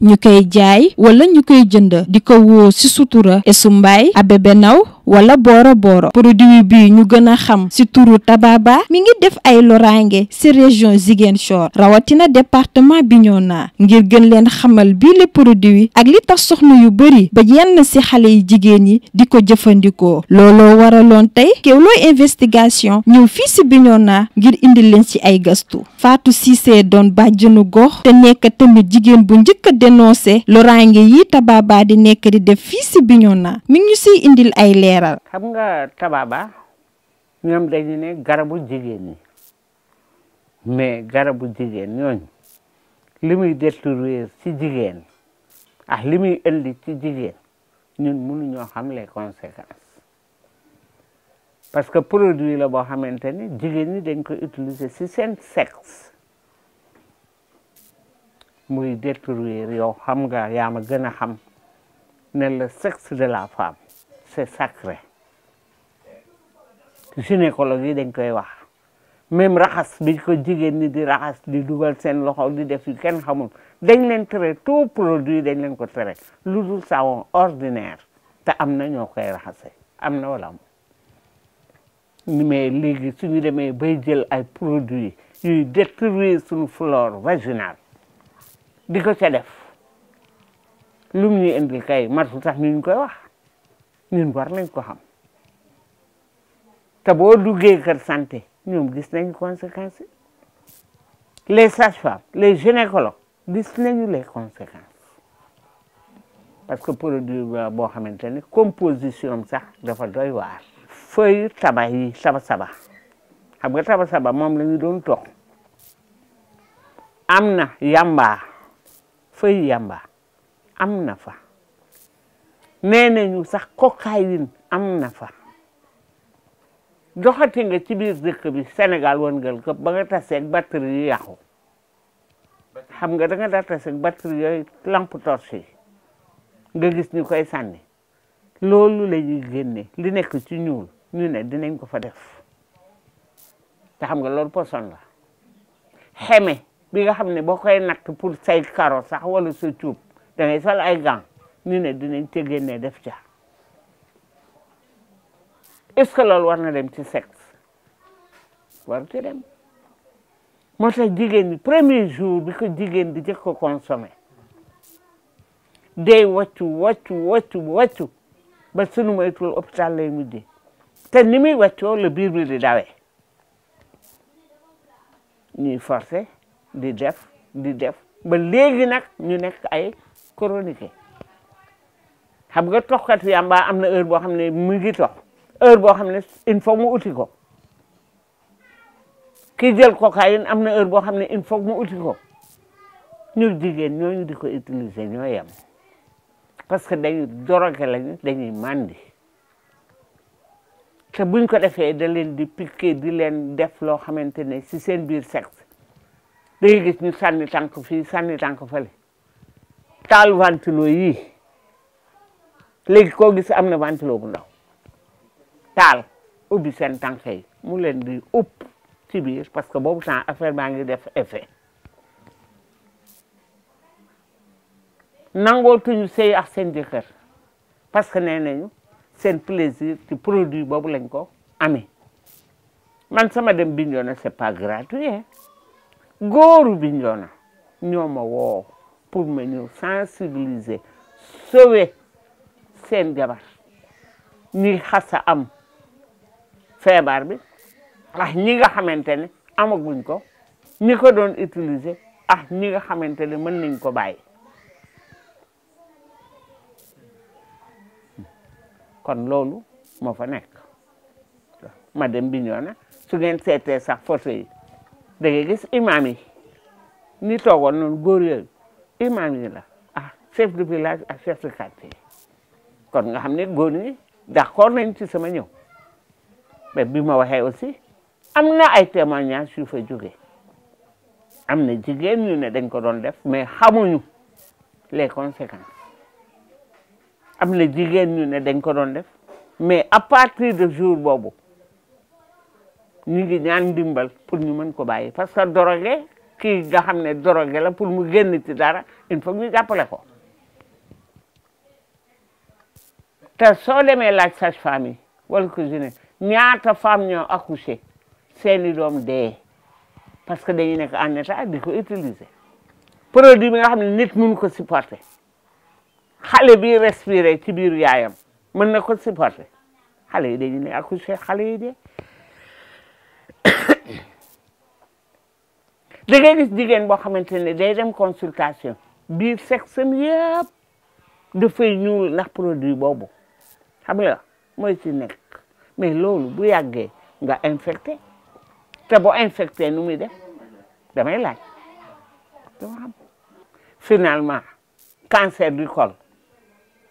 ñu koy jaay wala ñu koy jënd di ko woo ci sutura Esou Mbaye Abbé wala booro booro produit bi ñu gën a xam ci turu Tababa mi ngi def ay loraange ci région Ziguinchor rawatina bi département Bignona ngir gën leen xamal bii le produit ak li tax soxna yu bëri ba yenn ci xale yi jigéen yi di ko jëfandikoo looloo waraloon tey Kéwoulo investigation ñëw fii ci Bignona ngir indi leen ci ay gastu Fatou Cissé doon bàjjenu gox te nekk tamit jigéen bu njëkk a dénoncé loraange yi Tababa di nekk di def fii ci Bignona mi ngi ciy indil ay leer leeral. xam nga tabaaba ñoom dañu ne garabu jigéen ñi mais garabu jigéen ñooñ li muy détruire ci jigéen a li muy indi ci jigéen ñun mënuñoo xam les conséquences parce que produit la boo xamante ni jigéen ñi dañ ko utiliser si seen sexe muy détruire yow xam nga yaa ma gën a xam ne le sexe de la femme. c'est sacré gynécologue yi dañ koy wax même raxas bi ko jigéen ñi di raxas di dugal seen loxo di def yu kenn xamul dañ leen tere tout produit dañ leen ko tere lu dul savon ordinaire te am na ñoo koy raxase am na wala am mais léegi suñu demee bay jël ay produits yuy détruire suñu flore vaginale di ko ca def lu mu ñuy indil kay martu tax ñu koy wax ñun war nañ ko xam te boo duggee kër santé ñoom gis nañu conséquences les sages-femmes les gynécologues gis nañu les conséquences parce que produit boo xamante ne composition am sax dafa doy waar. feuille taba yi saba-saba xam nga saba-saba moom la ñu doon toog am na yamba feuille yamba am na fa. nee nañu sax cocaïne am na fa doxati nga ci biir dëkk bi Sénégal woon ngel këpp ba nga taseeg batterie yi yàqu xam nga da nga daa taseeg batterie yooyu lampe torche yi nga gis ñu koy sànni loolu la ñuy ni li nekk ci ñuul ñu ne dinañ ko fa def te xam nga loolu poson la xeme bi nga xam ne boo koy natt pour say karo sax wala sa cuub da ngay sol ay gant ñu ne dinañ ca génne def ca est-ce que loolu war na dem ci sexe waru ci dem moo tax jigéen bi premier jour bi ko jigéen di jëkk ko consommé day wàccu wàccu wàccu wàccu ba sunu moytuwul hôpital lay mujjee te ni muy wàccoo la biir bi di dawee ñuy di def di def ba léegi nag ñu nekk ay chronique xam nga toxkatu yàmbaa am na heure boo xam ne mu ngi tox heure boo xam ne il faut mu uti ko kii jël cocaïne am na heure boo xam ne il faut mu uti ko ñu jigéen ñooñu di ko utilise ñoo yem parce que dañuy drogué lañu dañuy màndi te buñ ko defee da leen di piqué di leen def loo xamante ne si seen biir sexe day gis ñu sànni tànk fii sànni tànk fële taal ventilo yii léegi ko gis amna na ventilo bu ndaw taal ubbi seen tànk mu di upp ci parce que bobu temps affaire ba ngi def effet nangootuñu sëy ak di jëkkër parce que nenañu sen plaisir ci produit bobu lañ ko amé man sama dem Bignona c'est pas gratuit hein Bignona ñoo ma woo pour ma ñëw sensibiliser sauver seen jabar ñi xasa am feebar bi ak ñi nga xamante ne amaguñ ko ñi ko doon utiliser ak ñi nga xamante ne mën nañ ko bàyyi kon loolu moo fa nekk madame Bignona su ngeen seetee sax photo yi da ngay gis imam ni toogoon noonu góor yooyu yi la a ah, chef de village ak chef de quartier kon nga xam ne ni ñi d'accord nañ ci sama ñëw mais bi ma waxee aussi am na ay témoignages yu fa juge am na jigéen ñu ne dañ ko doon def mais xamuñu les conséquences am na jigéen ñu ne dañ ko doon def mais à partir de jour boobu ñu ngi ñaan ndimbal pour ñu mën ko bàyyi parce que drogué kii nga xam ne drogué la pour mu génn ci dara il faut ñu jàppale ko te soo demee laaj sage femme yi wala cuisinier ñaata femme ñoo accouché seeni doom dee parce que dañuy nekk en état di ko utiliser produit bi nga xam ne nit mun ko supporter xale bi respirer ci biir yaayam mën na ko supporter xale yi dañu ne accouché xale yi dee da ngay gis jigéen boo xamante ne day dem consultation biir sexam yëpp dafay ñuul ndax produit boobu xam mooy ci nekk mais loolu bu yàggee nga infecté te boo infecté nu muy def damay laaj dama xam finalement cancer du col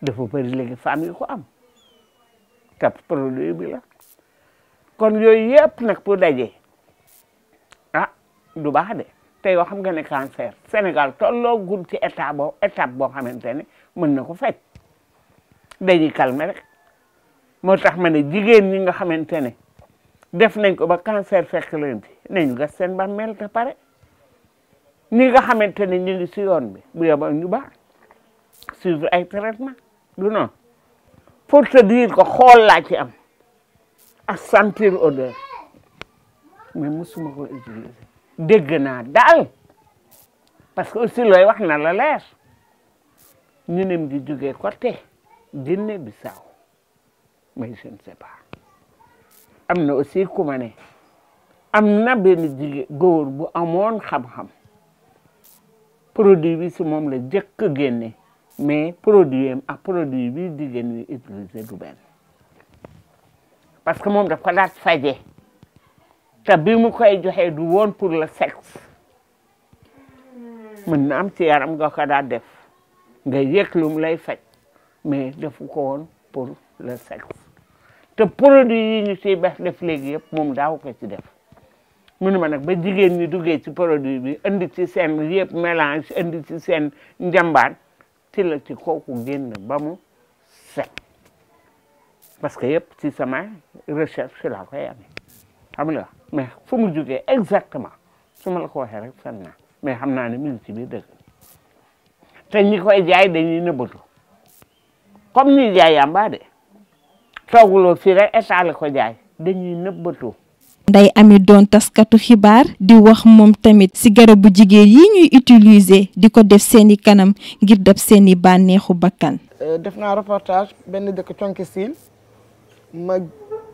dafa bëri léegi femmes yi ko am te produit bi kon yooyu yëpp nag pour dajee ah du baax de te yoo xam nga ne cancer Sénégal tolloo gul ci état boo étape boo xamante ne mën na ko faj dañuy calmer rek moo tax ma ne jigéen ñi nga xamante ne def nañ ko ba cancer fekk leen ci nañu gas seen bàmmeel te pare ñi nga xamante ne ñu si yoon bi bu yeboo ba baax suivre ay traitement du noonu pour te dire ko xool laa ci am ak sentir odeur mais musuma ko utiliser dégg naa daal parce que aussi looy wax na la leer ñu nem di jógee côté Guinée Bissau mais je ne am na aussi ku ma ne am na benn jigéen góor bu amoon xam-xam produit bi si moom la jëkk a génne mais produit am ak produit bi jigéen ñi utiliser du benn parce que moom daf ko daat faje te bi mu koy joxe du woon pour la sexe mën na am ci yaram nga ko daat def nga yëg lu lay fej mais defu ko woon pour le sexe te produit yi ñu siy bes def léegi yëpp moom daaw ko ci def munu ma nag ba jigéen ñi duggee ci produit bi indi ci seen yëpp mélange indi ci seen njambaat ci la ci kooku génn ba mu set parce que yëpp ci sama recherche laa koy amee xam nga mais fu mu jugee exactement su ma la ko waxee rek fan naa mais xam naa ne mi ngi ci biir dëgg te ñi koy jaay dañuy nëbbatu comme ñuy jaay yàmbaa de tooguloo fii rek ko jaay dañuy nëbbatu nday ami doon taskatu xibaar di wax moom tamit ci garabu jigéen yi ñuy utiliser di ko def seeni kanam ngir dab seeni bànneexu bakkan euh, def naa reportage benn dëkk conki siin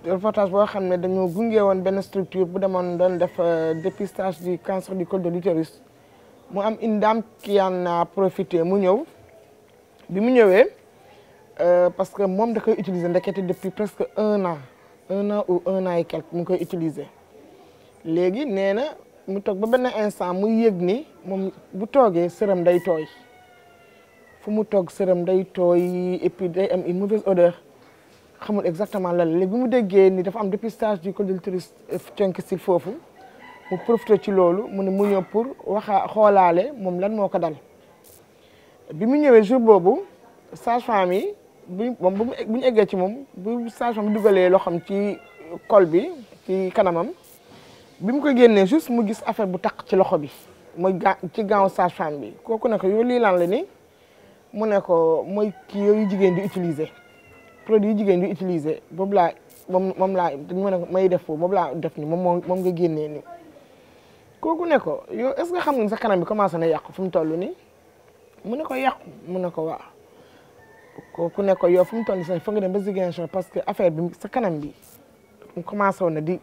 reportage boo xam ne dañoo gunge woon benn structure bu demoon doon def euh, dépistage du cancer du col de l'utérus mu am une dame qui en profité mu ñëw bi mu ñëwee Euh, parce que moom da koy utiliser ndekete depuis presque un an un an ou un an et quelque mu koy utiliser léegi nee na mu toog ba benn instant mu yëg ni moom bu toogee sëram day tooy fu mu toog sëram day tooy et puis day am une mauvaise odeur xamul exactement lan la léegi bi mu déggee ni dafa am dépistage du col de tenk euh, tonsillisé foofu mu profité ci loolu mu ne mu ñëw pour waxaa xoolaale moom lan moo ko dal bi mu ñëwee jour boobu sage-femme bu moom bu ñu eggee ci moom bu station bi dugalee loo xam ci kol bi ci kanamam bi mu ko génnee juste mu gis affaire bu taq ci loxo bi mooy ga ci gaaw sage-femme bi kooku ne ko yow lii lan la ni mu ne ko mooy kii yooyu jigéen di utiliser produit yu jigéen di utiliser boobu laa moom moom laa mu ne ko may def foofu moom laa def ni moom moo moom nga génnee ni kooku ne ko yow est-ce que xam nga sa kanam bi commencé na yàqu fu mu toll nii mu ne ko yàqu mu ne ko waa ku ne ko yow fu mu toll nii sax fa nga dem ba Ziguinchor parce que affaire bi sa kanam bi mu commencé woon na di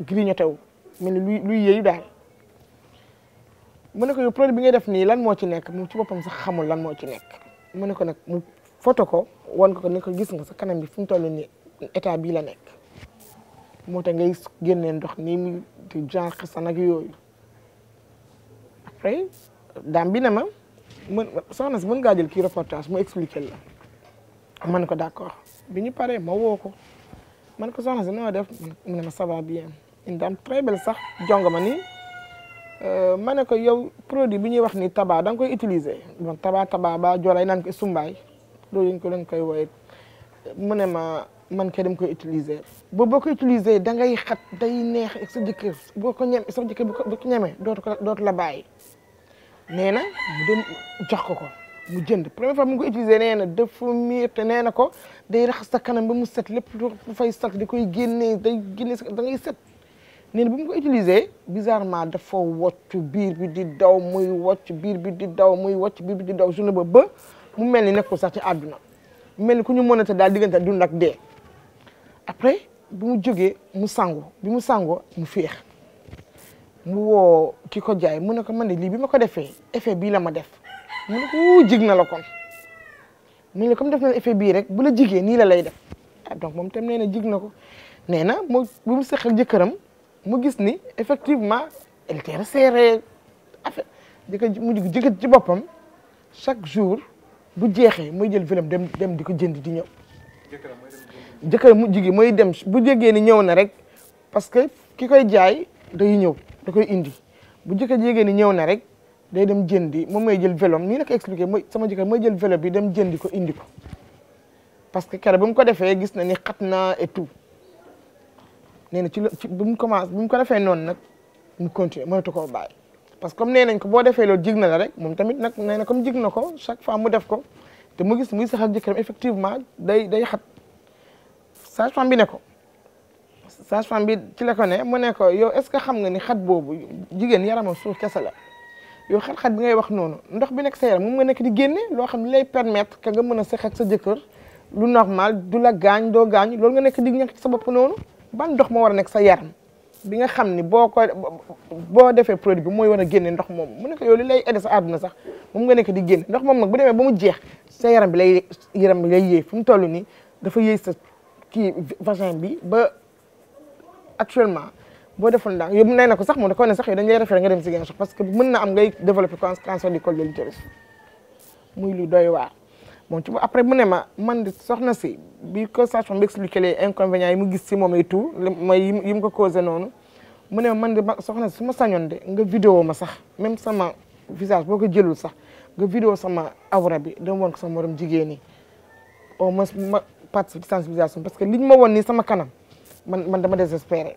grignoté wu mel ni luy luy yëyu daal mu ne ko yow bi ngay def nii lan moo ci nekk mu ci boppam sax xamul lan moo ci nekk mu ne ko nag mu photo ko wan ko ne ko gis nga sa kanam bi fu mu toll nii état bii la nekk moo tax ngay génnee ndox nii mu di genre xasan ak yooyu après daam bi ne ma mën soxna si mën gaa jël kii reportage mu expliqué la. man ko d' accord bi ñu paree ma woo ko man ko soxna si noo def ma ça va bien une dame sax jongo ma nii euh, ma ne ko yow produit bi ñuy wax ni taba da nga koy utiliser bon taba taba ba joolay naan ko sumbaay loolu ñu ko leen koy wooye mu ne ma man kay dem koy utiliser boo ko utiliser da ngay xat day neex ak sa jëkkër boo ko ñem sa jëkkër bu ko ñemee dootu ko dootu la bàyyi nee na mu dem jox ko ko mu jënd première fois mu ngi ko utilisé nee na dafa miir te nee na ko day raxas sakkanam ba mu set lépp lu fay sax di koy génnee day génne da ngay set nee na bu mu ko utilisé bizarrement dafa wocc biir bi di daw muy wocc biir bi di daw muy wocc biir bi di daw journée ba ba mu mel ni nekkul sax ci àdduna mel ni ku ñu mën a te daal diggante dund nag dee après bu mu jógee mu sangu bi mu sangoo mu feex mu woo ki ko jaay mu ne ko man de lii bi ma ko defee effet bii la ma def mu ne ko jig na la kon mu ne comme daf na effet bii rek bu la jigee nii la lay def ah donc moom tem nee na jig na ko nee na mu bu mu seqal jëkkëram mu gis ni effectivement elle était resserrée affaire jëkkër ji mu jëkkër ci boppam chaque jour bu jeexee muy jël film dem dem di ko jënd di ñëw. jëkkër mu jigi mooy dem bu jégee ni ñëw na rek parce que ki koy jaay day ñëw da koy indi bu jëkkër jégee ni ñëw na rek day dem jëndi moom may jël vélo nii nag ko expliqué mooy sama jëkkër mooy jël vélo bi dem jëndi ko indi ko parce que keroog bu mu ko defee gis na ni xat na et tout nee na ci la ci bu mu commencé bu mu ko defee noonu nag mu continuer moytu koo bàyyi. parce que nee nañ ko boo defee loolu jig na la rek moom tamit nag nee na comme jig na ko chaque fois mu def ko te mu gis muy sax ak jëkkëram effectivement day day xat sage-femme bi ne ko. sage-femme bi ci la ne mu nekkoo yow est-ce que xam nga ni xat boobu jigéen yaramam suuf kese la. yow xat-xat bi ngay wax noonu ndox bi nekk sa yaram moom nga nekk di génn loo xam ne lay permettre que nga mën a seq ak sa jëkkër lu normal du la gaañ doo gaañ loolu nga nekk di ñàkk sa bopp noonu ban ndox moo war a sa yaram bi nga xam ni boo ko boo defee produit bi mooy war a génne ndox moom mu nekk yow li lay aidé sa àdduna sax moom nga nekk di génn ndox moom nag bu demee ba mu jeex sa yaram bi lay yaram bi lay yéey fu mu toll nii dafa yéey sa kii vagin bi ba actuellement boo deful ndànk yow nee na ko sax mu ne ko ne sax yow dañ lay référé nga dem Ziguinchor parce que mën na am ngay développé cancer du col de l'utérus doy waar moom ci après mu ne ma man di soxna si bi ko sage-femme bi expliqué les inconvénients yi mu gis si moom et tout mooy yi mu ko causé noonu mu ne ma man de soxna si su ma sañoon de nga vidéo ma sax même sama visage boo ko jëlul sax nga vidéo sama awra bi dama woon ko sama morom jigéen ñi au moins ma participe sensibilisation parce que liñ ma woon nii sama kanam man man dama désespéré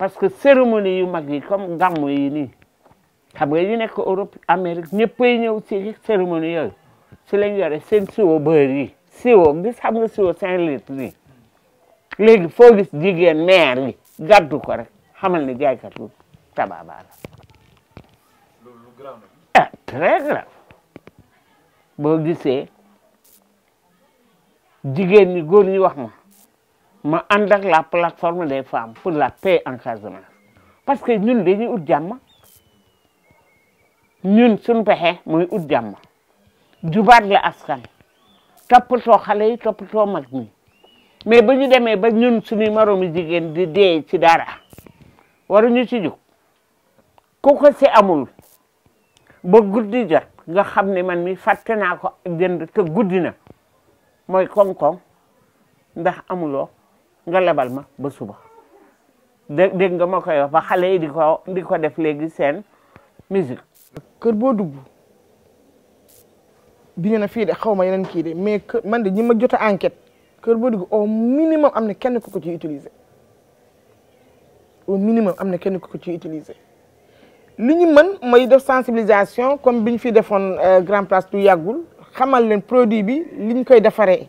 parce que cérémonie yu mag yi comme gàmmu yi nii xam nga yi nekk Europe Amérique ñëppay ñëw ci cérémonie yooyu si lañ yore seen siwo beurre yi siwo gis xam siwo cinq litres yi léegi foo gis jigéen meer yi gàddu ko rek xamal ni jaaykatu tabaaba la ah très grave boo gisee jigéen ñi góor ñi wax ma ma ànd ak la plateforme des femmes pour la paix en parce que ñun dañuy ut jàmm ñun suñu pexe mooy ut jàmm jubaat la askan toppatoo xale yi toppatoo mag ñi mais ba ñu demee ba ñun suñu moroomi jigéen di dee ci dara waruñu ci jóg ku ko si amul ba guddi jot nga xam ne man mi fàtte naa ko jënd te guddi na mooy koŋ-koŋ ndax amuloo nga lebal ma ba suba dégg nga ma koy wax ba xale yi di ko di ko def léegi seen musique kër boo dugg di ñu ne fii de xaw ma yeneen kii de mais man de ñi ma jot a enquête kër boo dugg au minimum am na kenn ku ko ci utiliser au minimum am na kenn ku ko ci utiliser li ñu mën mooy def sensibilisation comme bi ñu fi defoon euh, grand place du yàggul xamal leen produit bi liñ koy defaree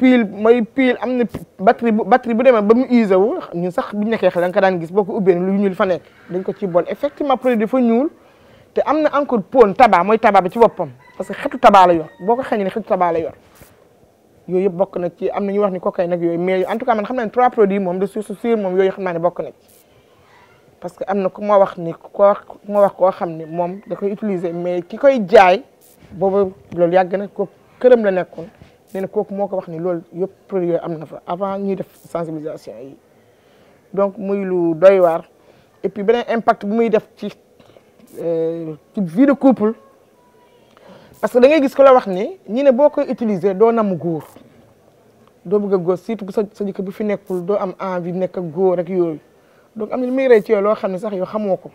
pile mooy pile am na batterie bu batterie bu demee ba mu usé wu ñun sax bu ñu nekkee xel da nga ko daan gis boo ko ubbee lu ñuul fa nekk dañ ko ci bool effectivement produit fa ñuul te am na encore pone tabac mooy tabac bi ci boppam parce que xetu tabac la yor boo ko xeeñee ne xetu tabac la yor yooyu yëpp bokk na ci am na ñu wax ni cocaïne nag yooyu mais en tout cas man xam naa ne trois produits moom de source sûre moom yooyu xam naa ne bokk na parce que am na ku ma wax ni ko wax wax koo xam ne moom da koy utiliser mais ki koy jaay boobu loolu yàgg na ko këram la nekkoon nee na kooku moo ko wax ni loolu yëpp produit am na fa avant ñuy def sensibilisation yi donc muy lu doy waar et puis beneen impact bu muy def ci euh, ci vie de couple parce que da ngay gis ko la wax ni ñi ne boo koy utiliser doo nam góor doo bëgg a góor surtout bu sa sa jëkkër bu fi nekkul doo am envie nekk ak góor ak yooyu donc am na lu muy rey ci yow loo xam ne sax yow xamoo ko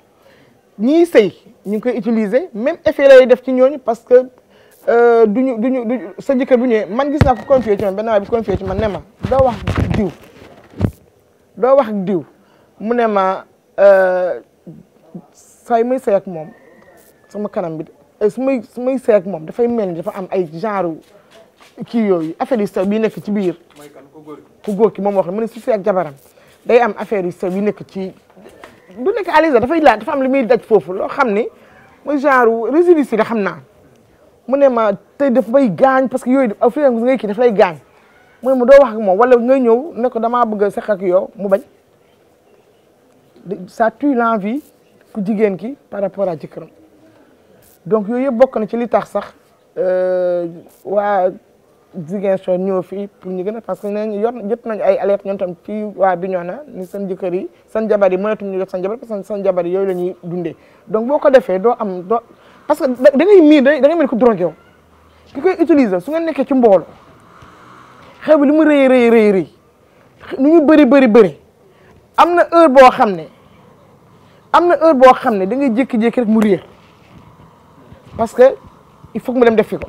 ñiy sëy ñu ngi koy utiliser même effet lay def ci ñooñu parce que duñu duñu du sa jëkkër bu ñëwee man gis naa ko confié ci man benn waay bi confié ci man ne ma doo wax diw doo wax diw mu ne ma say muy sey ak moom sama kanam bi su may su may sey ak moom dafay mel ni dafa am ay genre kii yooyu affaire yu sew bi nekk ci biir ku góor ki moom wax ne mu ne su sey ak jabaram day am affaire yu sew yi nekk ci du nekk alisa dafay laaj dafa am lu muy daj foofu loo xam ne mooy genre résidus yi nga xam naa mu ne ma tey daf may gaañ parce que yooyu daf fi ngay kii daf lay mu ne doo wax ak moom wala ngay ñëw ne ko damaa bëgg a ak yow mu bay ça tue l'envie ku jigéen ki par rapport à jëkkëram donc yooyu yëpp bokk na ci li tax sax euh, waa Ziguinchor ñëw fii pour ñu gën a parce que nee yor jot nañu ay alerte ñoom tam ci waa Bignona ni seen jëkkër yi seen jabar yi mënatuñu jot seen jabar parce que seen jabar yooyu la ñuy dundee donc boo ko defee doo am parce que da ngay miin da ngay mii ko drogué yow ki koy utiliser su nga nekkee ci mbooloo xew bi li mu rëy rëy rëy rëy nu ñu bëri bëri bëri am na heure boo xam ne am na heure boo xam ne da ngay jékki-jékki mu réer parce que il faut que mu dem defi ko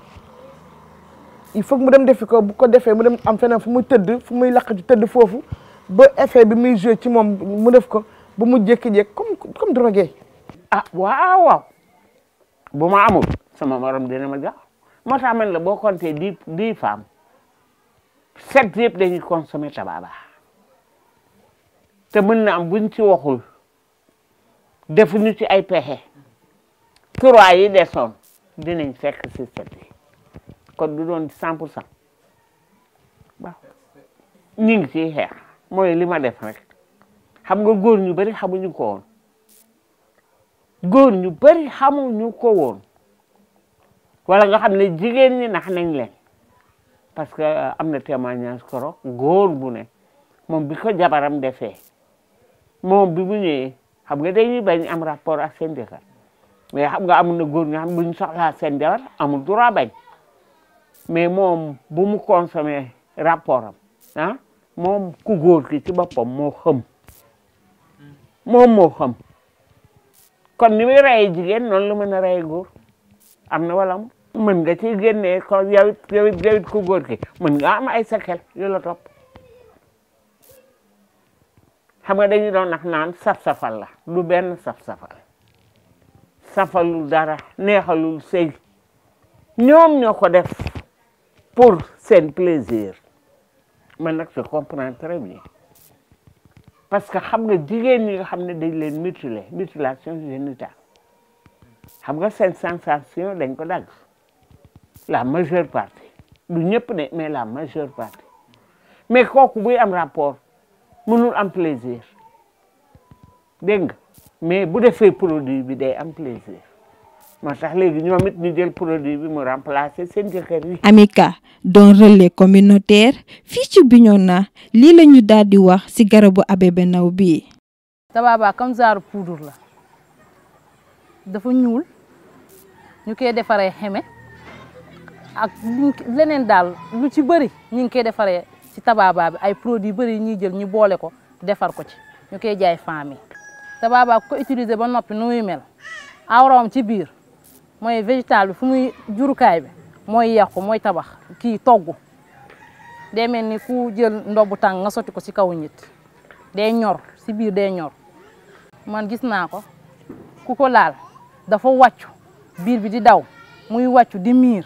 il faut mu dem defi ko bu ko defee mu dem am feneen fu mu tëdd fu muy laq ci tëdd foofu ba effet bi muy joué ci moom mu def ko bu mu jékki-jékki comme comme drogué ah waaw bu ma amul sama morom dina ma jox moo tax man la boo compté dix dix femmes sept yëpp dañuy consommer tabaaba te mën na am buñ ci waxul defuñu ci ay pexe trois yi desoon dinañ fekk si sept yi kon du doon cent pour cent waaw ñu ngi ciy xeex mooy li ma def rek xam nga góor ñu bari xamuñu ko woon góor ñu bari xamuñu ko woon wala nga xam ne jigéen ñi nax nañ leen parce que euh, am na témoignage korok góor bu ne moom bi ko jabaram defee moom bi mu ñëwee xam nga dañuy bañ am rapport ak seen jëkkër mais xam nga amul na góor nga xam bu ñu soxlaa amul droit mais moom bu mu consommé rapport am ah moom ku góor ki ci boppam moo xam moo xam kon ni muy rayee jigéen noonu la mën a rayee góor am na walam mën nga ci génnee ko yawit yawit yawit ku góor ki mën nga am ay sakel yu la top xam nga dañu doon nax naan saf-safal la du benn saf-safal safalul dara neexalul sëy ñoom ñoo ko def pour seen plaisir man nag je comprends très bien parce que xam nga jigéen ñi nga xam ne dañ leen mutilé mutilation génitale xam nga seen sensation dañ ko dagg la majeure partie du ñëpp ne mais la majeure partie mais kooku buy am rapport mënul am plaisir dégg nga mais bu defee produit bi day am plaisir moo tax léegi ñoom it ñu jël produit bi mu remplacer seen jëkkër yi. Amica don relais communautaire fii ci na lii la ñu daal di wax ci garabu abebe naw bi tabaaba comme genre poudre la dafa ñuul ñu koy defaree xeme ak leneen daal lu ci bëri ñu ngi koy defaree ci tabaaba bi ay produits bëri ñuy jël ñu boole ko defar ko ci ñu koy jaay femme yi tabaaba ko utiliser ba noppi nu muy mel ci biir. mooy végétal fu muy jurukaay bi mooy yàqu mooy tabax kii togg day mel ni ku jël ndobu tàng nga sotti ko ci kaw nit day ñor si biir day ñor man gis naa ko ku ko laal dafa wàccu biir bi di daw muy wàccu di miir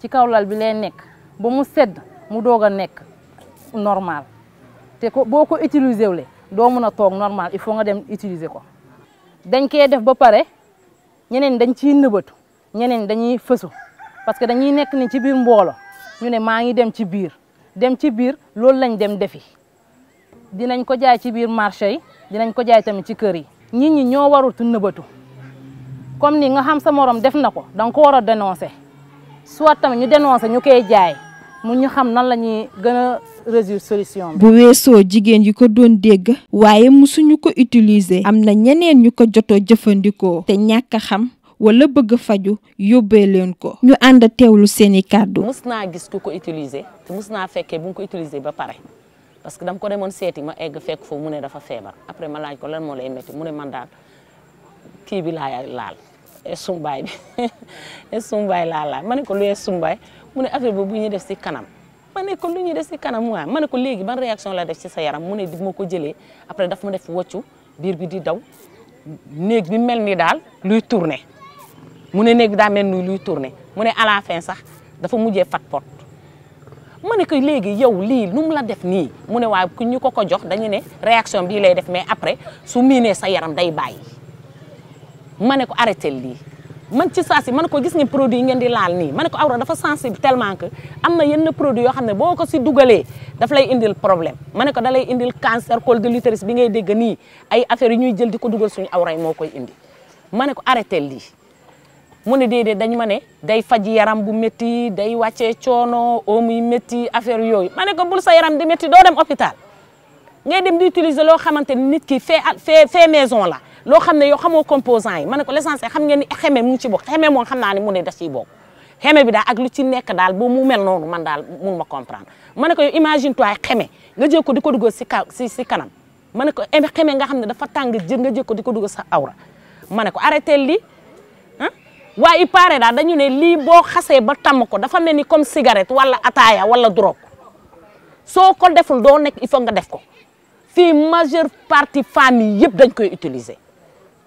ci kaw lal bi la nekk ba mu sedd mu doog a nekk normal te ko boo ko utiliser wule doo mën a toog normal il faut nga dem utiliser ko dañ koy def ba pare ñeneen dañ ciy nëbatu ñeneen dañuy fësu parce que dañuy nekk ni ci biir mboolo ñu ne maa ngi dem ci biir dem ci biir loolu lañ dem defi dinañ ko jaay ci biir marché yi dinañ ko jaay tamit ci kër yi nit ñi ñoo warutu nëbatu comme ni nga xam sa morom def na ko da nga ko war a dénoncé soit tamit ñu dénoncé ñu koy jaay mu ñu xam nan lañuy ñuy gën a résoudre solution bu weesoo jigéen ji ko doon dégg waaye musuñu ko utiliser am na ñeneen ñu ko jotoo jëfandikoo te ñàkk xam wala bëgg faju yóbbee leen ko ñu ànd a teewlu seeni kàddu mus naa gis ku ko utiliser te mus naa fekkee bu mu ko utiliser ba pare parce que dam ko demoon seeti ma egg fekk foofu mu ne dafa feebar après ma laaj ko lan moo lay mu ne man kii bi laa laal esumbaay bi esumbaay laa laal ma ne ko lu esumbaay mu ne affaire bi ñuy def si kanam ma ne ko lu ñuy def si kanam waaw ma ne ko léegi ban réaction la def si sa yaram mu ne di ma ko jëlee après daf ma def woccu biir bi di daw néeg bi mel ni daal luy tourner mu ne néeg daam daa mel luy tourné mu ne à la sax dafa mujjee fat pot ma ne ko léegi yow lii nu la def nii mu ne waaye ku ñu ko ko jox dañu ne réaction bii lay def mais après su miinee sa yaram day bàyyi ma ne ko arrêté lii man ci saa si ma ne ko gis ngeen produit yi ngeen di laal nii ma ne ko awra dafa sensible tellement que am na yenn produit yoo xam ne boo ko si dugalee daf lay indil problème ma ne ko da lay indil cancer col de l'utérus bi ngay dégg nii ay affaires yi ñuy jël di ko dugal suñu awra yi moo koy indi ma ne ko arrêté lii mu ne déedéet dañ ma ne day faj yaram bu métti day wàccee coono oom yi métti affaire yooyu ma ne ko bul sa yaram di métti doo dem hôpital ngay dem di utiliser loo xamante ni nit ki fait fait fait maison la loo xam ne yow xamoo composant yi ma ne ko l'essentiel xam nga ni xeme mu ngi ci bokk xeme moom xam naa ne mu ne da ciy bokk xeme bi daal ak lu ci nekk daal boo mu mel noonu man daal mun ma comprendre ma ne ko yow imagine toi xeme nga jël ko di ko dugal si ka si si kanam ma ne ko xeme nga xam ne dafa tàng jër nga jël ko di ko dugal sa awra ma ne ko arrêté li waaye il paraît daal dañu ne lii boo xasee ba tàmm ko dafa mel ni comme cigarette wala ataaya wala drogue soo ko deful doo nekk il faut nga def ko fii majeure parti famille yëpp dañ koy utiliser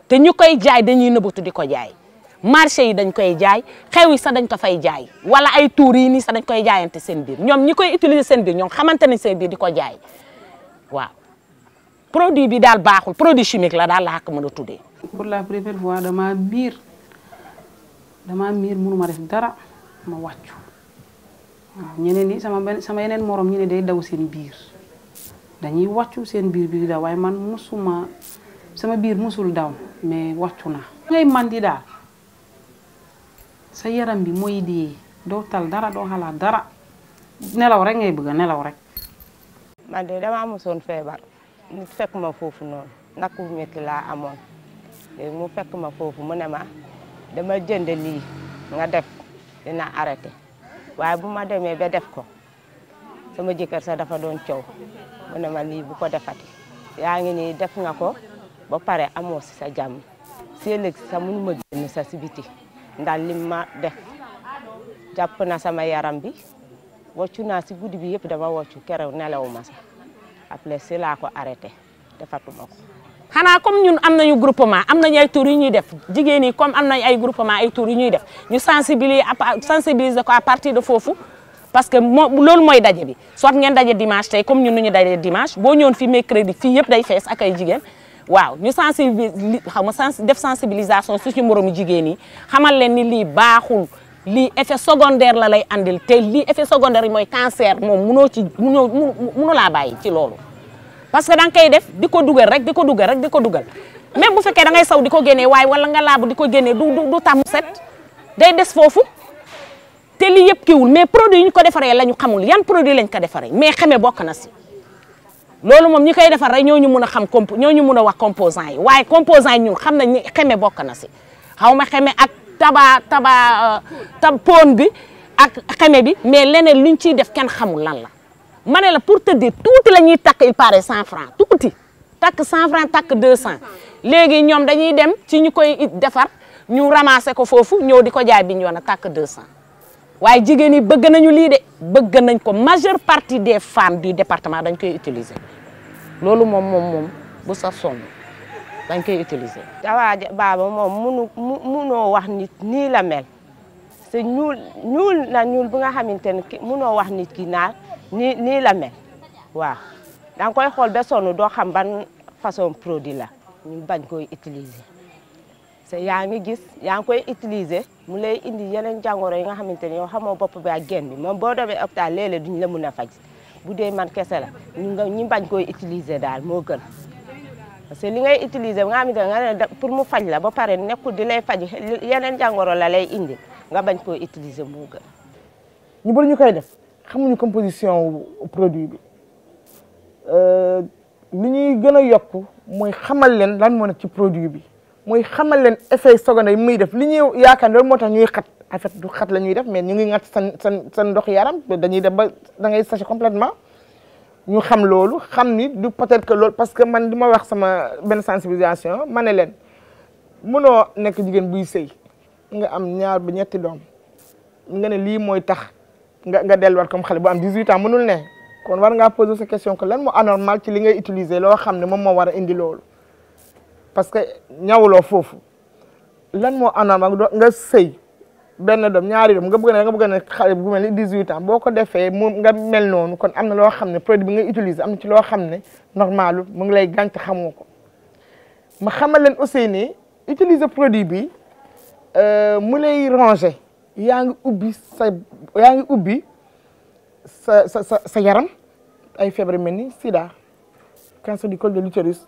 te ñu koy jaay na nëbatu di ko jaay marché yi dañ koy jaay xew yi sax dañ ko fay jaay wala ay tuur yi nii sax dañ koy jaayante seen biir ñoom ñi koy utiliser seen biir ñoom xamante ni seen biir di ko jaay waaw bi daal baaxul produit chimique la daal laa ko mën a tuddee. pour la première fois dama biir. dama munu ma def dara ma waccu ñeneen ni sama ben sama yeneen morom ñu ne day daw seen biir dañuy waccu seen biir bi da way man musuma sama biir musul daw mais waccu na ngay man di do sa yaram bi moy di do tal dara do hala dara nelaw rek ngay bëgg nelaw rek ma de dama mosoon febar nit fekk ma fofu non nakku metti la amone mu fekk ma fofu mu ne ma dama jënd lii nga def dina arrêté waaye bu ma demee ba def ko sama jëkkër sa dafa doon coow mu ne ma lii bu ko defati yaa ngi nii def nga ko ba pare amoo si sa jàmm si ëllëg sa mënu ma génn sa sibiti biti ndax lim ma def jàpp na sama yaram bi woccu naa si guddi bi yëpp dama woccu kerew nelawu ma sax après si laa ko arrêté defatuma ko xanaa comme ñun am nañu groupement am nañu ay tour yu ñuy def jigéen yi comme am nañu ay groupement ay tour yu ñuy def ñu sensibiliser sensibiliser ko à partir de foofu parce que moo loolu mooy daje bi soit ngeen daje dimanche tey comme ñun nu ñu daje dimanche boo ñëwoon fi mercredi fii yëpp day fees ak ay jigéen waaw ñu sensibiliser xaw ma def sensibilisation su ci moromu jigéen yi xamal leen ni lii baaxul lii effet secondaire la lay andil te lii effet secondaire yi mooy cancer moom munoo ci munoo munoo laa bàyyi ci loolu parce que da nga koy def di ko dugal rek di ko dugal rek di ko dugal même bu fekkee da ngay saw di ko génnee waaye wala nga laabu di ko génnee du du tàmm set day des foofu te li yëpp kiwul mais produit yi ñu ko defaree la ñu xamul yan produit lañ ko defaree mais xamee bokk na si loolu moom ñi koy defar rek ñoo ñu mun a xam compo ñoo ñu mun a wax yi waaye composant yi ñun xam ni xamee bokk na si xaw ma xamee ak taba taba euh, tab pon bi ak xame bi mais leneen luñ ciy def kenn xamul lan la ma ne la pour te dire tuuti la ñuy takk il paraît cent franc tuuti takk cent franc takk deux cent léegi ñoom dañuy dem ci ñu koy it defar ñu ramasser ko foofu ñëw di ko jaay bi ñu yoon a takk deux cent waaye jigéen yi bëgg nañu lii de bëgg nañ ko majeure parti des femmes du département dañ koy utiliser loolu moom moom moom bu sa sonn dañ koy utiliser Awa Baba moom munu munoo wax nit ni la mel te ñuul ñuul na ñuul bu nga xamante ne munoo wax nit ki naa nii la mel waaw da nga koy xool ba sonn doo xam ban façon produit la ñu bañ koy utiliser te yaa ngi gis yaa ngi koy utiliser mu lay indi yeneen jàngoro yi nga xamante ne yow xamoo bopp bi ak genn bi moom boo demee hôpital léeg-léeg duñ la mun a faj bu dee man kese la ñu nga ñu bañ koy utiliser daal moo gën parce que li ngay utiliser nga xamante ne nga ne pour mu faj la ba pare nekkul di lay faj yeneen jàngoro la lay indi nga bañ koy utiliser moo gën. ñu bëri ñu koy def. xamuñu composition produit bi euh, li ñuy gën a yokk mooy xamal leen lan moo nekk ci produit bi mooy xamal leen effet secondaire yi muy def li ñuy yaakaar loolu moo tax ñuy xat en fait du xat la ñuy def mais ñu ngi ŋat seen seen seen ndox yaram dañuy def ba da ngay séché complètement ñu xam loolu xam ni du peut-être que loolu parce que man li ma wax sama benn sensibilisation ma ne leen mënoo nekk jigéen buy sëy nga am ñaar ba ñetti doom nga ne lii mooy tax nga nga delluwaat comme xale bu am 18 ans mënul ne kon war ngaa poser sa question que lan moo anormal ci li ngay utiliser loo xam ne moom moo war indi loolu parce que ñawuloo foofu lan moo anormal nga sëy benn doom ñaari doom nga bëgg ne nga bëgg ne xale bu mel ni 18 ans boo ko defee mu nga mel noonu kon am na loo xam ne produit bi nga utiliser am na ci loo xam ne normalu mu ngi lay gànc xamoo ko ma xamal leen aussi ni utiliser produit bi euh, mu lay ranger. yang ubi sa yang ubi ubbi sa sa sa yaram ay feebar mel ni sida cancer du col de l'utérus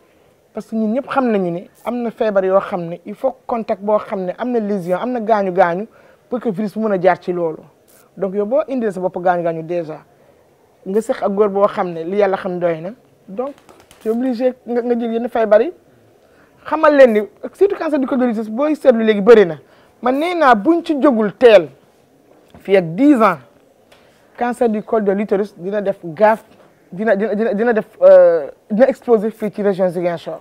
parce que ñun ñëpp xam nañu ne am na feebar yoo xam ne il faut contact boo xam ne am na lésion am na gaañu gaañu pour que virus bi mën a jaar ci loolu donc yow boo indee sa bopp gaañu gaañu déjà nga seq ak góor boo xam ne li yàlla xam doy na donc c'est obligé nga jël yenn feebar xamal leen ni surtout cancer du col de l'utérus booy seetlu léegi bëri na. man nee naa buñ ci jógul teel ak ans cancer du col de l'utérus dina def gaffe dina dina dina dina euh, dina explosé fii ci région Ziguinchor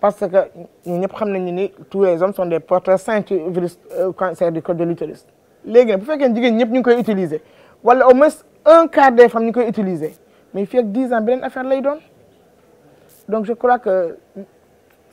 parce que ñu ñëpp xam nañu ni tous les hommes sont des porteurs sains du virus euh, cancer du col de l'utérus léegi nag bu qu'un jigéen ñëpp ñu ngi koy utiliser wala au moins un quart des femmes ñu koy utiliser mais fii ak 10 ans beneen affaire lay doon donc je crois que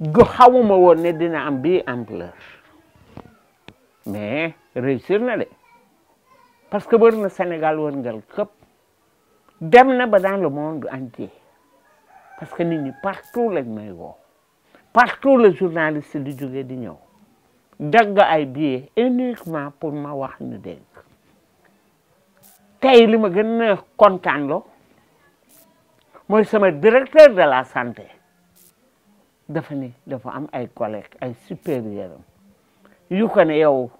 gu xawuma woon ne dina am bii ampleur mais réussir na de parce que wër na Sénégal wër ngal këpp dem na ba dans le monde entier parce que ni ñi partout lañ may woo partout le journaliste di jóge di ñëw dagg ay billets uniquement pour ma wax ñu dégg tey li ma gën a kontaan loo mooy sama directeur de la santé dafa ne dafa am ay collègue ay supérieur am yu ko ne yow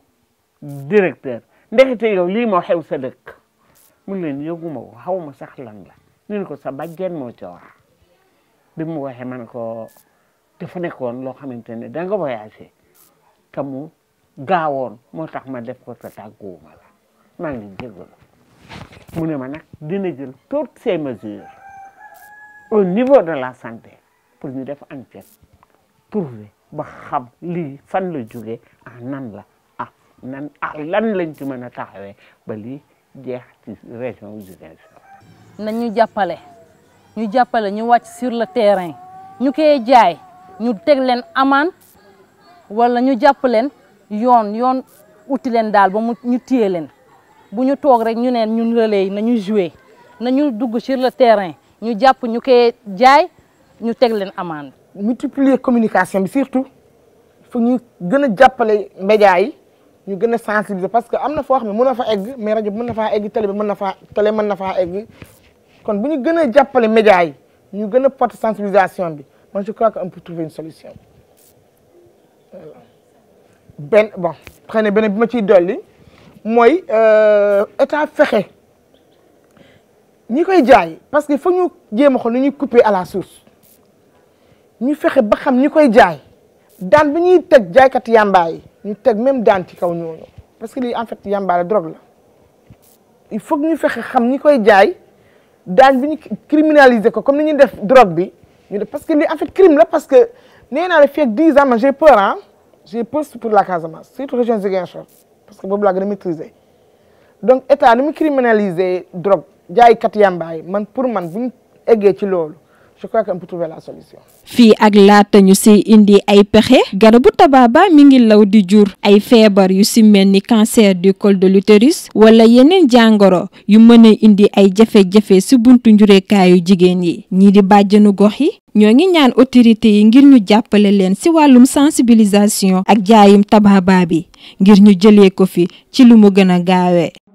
directeur ndekete yow lii moo xew sa dëkk mun leen yëguma ko xaw ma sax lan la ñu ko sa bàjjen moo ci wax bi mu waxee man ko dafa nekkoon loo xamante ne da nga voyagé te mu gaawoon moo tax ma def ko sa tàgguwuma la maa ngi jégalu mu ne ma nag dina jël toutes ces mesures au niveau de la santé pour ñu def enquête trouver ba xam lii fan la jógee ah nan la ah, ah lan lañ ci mën a taxawee ba lii jeex ci région Ziguinchor nañ ñu jàppale ñu jàppale ñu wàcc sur le terrain ñu koy jaay ñu teg leen amaan wala ñu jàpp leen yoon yoon uti leen daal ba mu ñu téye leen bu ñu toog rek ñu neen ñun relais yi nañu jouer nañu dugg sur le terrain ñu jàpp ñu koy jaay ñu teg leen amende. multiplier communication bi surtout fu ñu gën a jàppale média yi ñu gën sensibiliser parce que am na foo xam ne mën na fa egg mais rajo bi mën na faa egg télé bi mën na faa télé mën na faa egg kon bu ñu gën a jàppale média yi ñu gën a sensibilisation bi man je crois qu'on peut trouver une solution voilà Ben, bon xëy na beneen bi ma ciy euh, état fexe ñi koy jaay parce que fa ñu jéem a ñuy couper à la source ñu fexé ba xam ñi koy jaay daan bi ñuy teg jaaykat yàmbaa yi ñu teg même daan ci kaw ñooñu parce que lii en fait yàmbaa la drogue la il faut que ñu fexé xam ñi koy jaay daan bi ñu criminaliser ko comme ni ñu def drogue bi ñu def parce que lii en fait crime la parce que nee naa la fii 10 ans man j'ai peur hein j'ai peur pour la Casamance surtout région Ziguinchor parce que boobu laa gën a maîtriser donc état ni mu criminaliser drogue jaaykat yàmbaa yi man pour man bu ñu eggee ci loolu. je fii ak laata ñu si indi ay pexe garabu tabaaba mi ngi law di jur ay feebar yu si mel ni cancer du col de l'utérus wala yeneen jàngoro yu mën a indi ay jafe-jafe si buntu njureekaayu jigéen yi ñii di bàjjenu gox yi ñoo ngi ñaan autorités yi ngir ñu jàppale leen si wàllum sensibilisation ak jaayum tabaaba bi ngir ñu jëlee ko fi ci lu mu gën a gaawee.